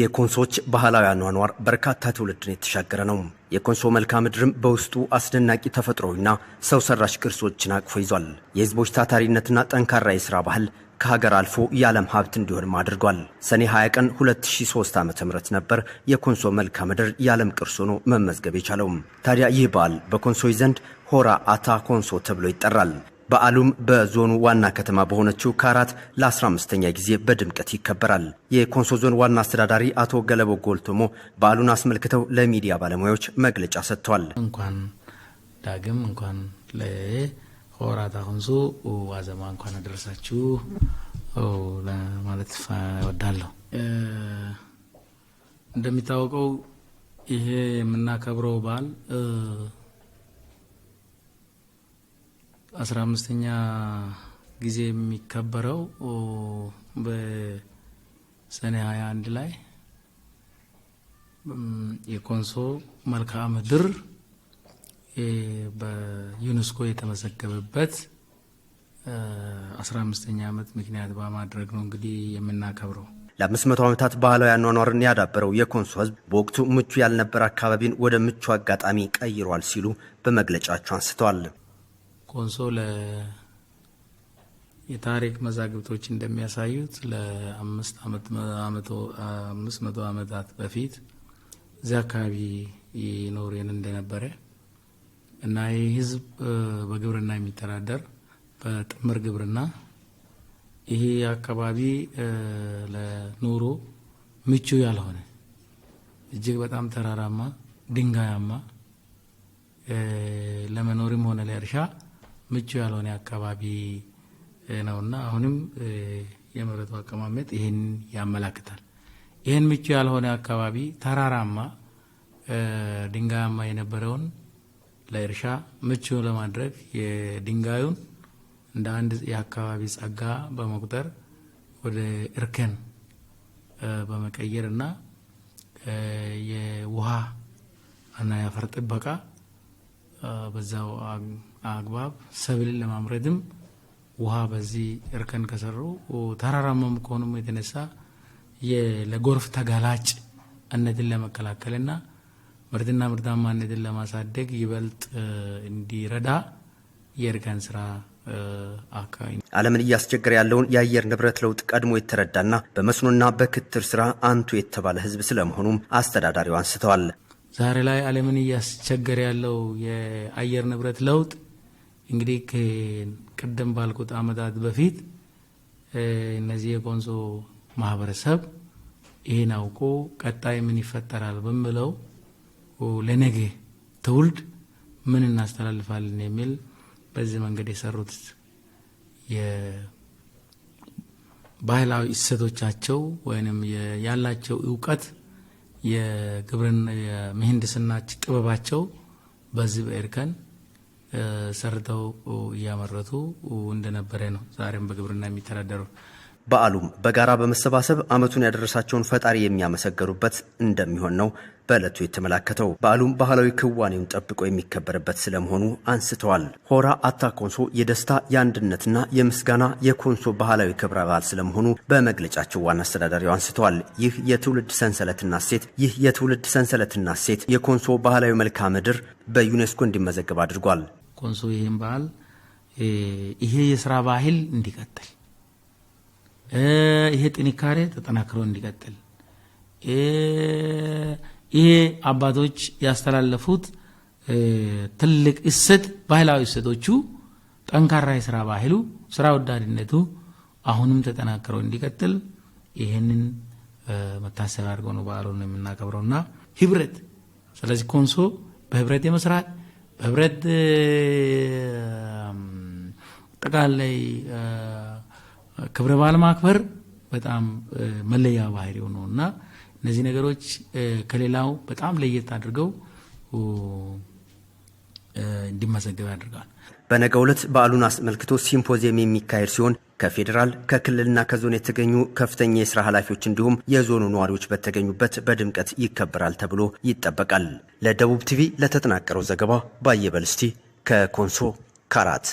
የኮንሶዎች ባህላዊ አኗኗር በርካታ ትውልድን የተሻገረ ነው። የኮንሶ መልክዓ ምድርም በውስጡ አስደናቂ ተፈጥሮዊና ሰው ሰራሽ ቅርሶችን አቅፎ ይዟል። የህዝቦች ታታሪነትና ጠንካራ የሥራ ባህል ከሀገር አልፎ የዓለም ሀብት እንዲሆንም አድርጓል። ሰኔ 20 ቀን 2003 ዓ ም ነበር የኮንሶ መልክዓ ምድር የዓለም ቅርስ ሆኖ መመዝገብ የቻለውም። ታዲያ ይህ በዓል በኮንሶዎች ዘንድ ሆራ አታ ኮንሶ ተብሎ ይጠራል። በዓሉም በዞኑ ዋና ከተማ በሆነችው ካራት ለ15ኛ ጊዜ በድምቀት ይከበራል። የኮንሶ ዞን ዋና አስተዳዳሪ አቶ ገለቦ ጎልቶሞ በዓሉን አስመልክተው ለሚዲያ ባለሙያዎች መግለጫ ሰጥቷል። እንኳን ዳግም እንኳን ለሆራታ ኮንሶ ዋዜማ እንኳን አደረሳችሁ ለማለት እወዳለሁ። እንደሚታወቀው ይሄ የምናከብረው በዓል አስራ አምስተኛ ጊዜ የሚከበረው በሰኔ ሀያ አንድ ላይ የኮንሶ መልክዓ ምድር በዩኔስኮ የተመዘገበበት አስራ አምስተኛ ዓመት ምክንያት በማድረግ ነው እንግዲህ የምናከብረው። ለአምስት መቶ ዓመታት ባህላዊ አኗኗርን ያዳበረው የኮንሶ ህዝብ በወቅቱ ምቹ ያልነበረ አካባቢን ወደ ምቹ አጋጣሚ ቀይሯል ሲሉ በመግለጫቸው አንስተዋል። ኮንሶ የታሪክ መዛግብቶች እንደሚያሳዩት ለአምስት መቶ ዓመታት በፊት እዚያ አካባቢ ይኖርን እንደነበረ እና ይህ ህዝብ በግብርና የሚተዳደር በጥምር ግብርና ይሄ አካባቢ ለኑሮ ምቹ ያልሆነ እጅግ በጣም ተራራማ፣ ድንጋያማ ለመኖርም ሆነ ለእርሻ ምቹ ያልሆነ አካባቢ ነውና አሁንም የመሬቱ አቀማመጥ ይህን ያመላክታል። ይህን ምቹ ያልሆነ አካባቢ ተራራማ፣ ድንጋያማ የነበረውን ለእርሻ ምቹ ለማድረግ የድንጋዩን እንደ አንድ የአካባቢ ጸጋ በመቁጠር ወደ እርከን በመቀየር እና የውሃ እና የአፈር ጥበቃ በዛው አግባብ ሰብልን ለማምረትም ውሃ በዚህ እርከን ከሰሩ ተራራማም ከሆኑም የተነሳ ለጎርፍ ተጋላጭ እነትን ለመከላከልና ምርትና ምርታማነትን ለማሳደግ ይበልጥ እንዲረዳ የእርከን ስራ አለምን ዓለምን እያስቸገረ ያለውን የአየር ንብረት ለውጥ ቀድሞ የተረዳና በመስኖና በክትር ስራ አንቱ የተባለ ህዝብ ስለመሆኑም አስተዳዳሪው አንስተዋል። ዛሬ ላይ ዓለምን እያስቸገረ ያለው የአየር ንብረት ለውጥ እንግዲህ ቅድም ባልኩት ዓመታት በፊት እነዚህ የኮንሶ ማህበረሰብ ይህን አውቆ ቀጣይ ምን ይፈጠራል በምለው ለነገ ትውልድ ምን እናስተላልፋለን የሚል በዚህ መንገድ የሰሩት የባህላዊ እሴቶቻቸው ወይንም ያላቸው እውቀት የግብርና የምህንድስና ጥበባቸው በዚህ በእርከን ሰርተው እያመረቱ እንደነበረ ነው። ዛሬም በግብርና የሚተዳደሩ በዓሉም በጋራ በመሰባሰብ ዓመቱን ያደረሳቸውን ፈጣሪ የሚያመሰገኑበት እንደሚሆን ነው በዕለቱ የተመላከተው። በዓሉም ባህላዊ ክዋኔውን ጠብቆ የሚከበርበት ስለመሆኑ አንስተዋል። ሆራ አታ ኮንሶ የደስታ የአንድነትና የምስጋና የኮንሶ ባህላዊ ክብረ በዓል ስለመሆኑ በመግለጫቸው ዋና አስተዳዳሪው አንስተዋል። ይህ የትውልድ ሰንሰለትና ሴት ይህ የትውልድ ሰንሰለትና ሴት የኮንሶ ባህላዊ መልክዓ ምድር በዩኔስኮ እንዲመዘገብ አድርጓል። ኮንሶ ይህም በዓል ይሄ የስራ ባህል እንዲቀጥል ይሄ ጥንካሬ ተጠናክሮ እንዲቀጥል ይሄ አባቶች ያስተላለፉት ትልቅ እሰት ባህላዊ እሰቶቹ ጠንካራ የስራ ባህሉ ስራ ወዳድነቱ አሁንም ተጠናክሮ እንዲቀጥል ይህንን መታሰብ አድርገው ነው በዓሉን ና ህብረት። ስለዚህ ኮንሶ በህብረት የመስራት በህብረት ጠቃላይ ክብረ በዓል ማክበር በጣም መለያ ባህሪው ነው እና እነዚህ ነገሮች ከሌላው በጣም ለየት አድርገው እንዲመዘገብ ያደርጋል። በነገ ዕለት በዓሉን አስመልክቶ ሲምፖዚየም የሚካሄድ ሲሆን ከፌዴራል ከክልልና ከዞን የተገኙ ከፍተኛ የስራ ኃላፊዎች እንዲሁም የዞኑ ነዋሪዎች በተገኙበት በድምቀት ይከበራል ተብሎ ይጠበቃል። ለደቡብ ቲቪ ለተጠናቀረው ዘገባ ባየበልስቲ ከኮንሶ ካራት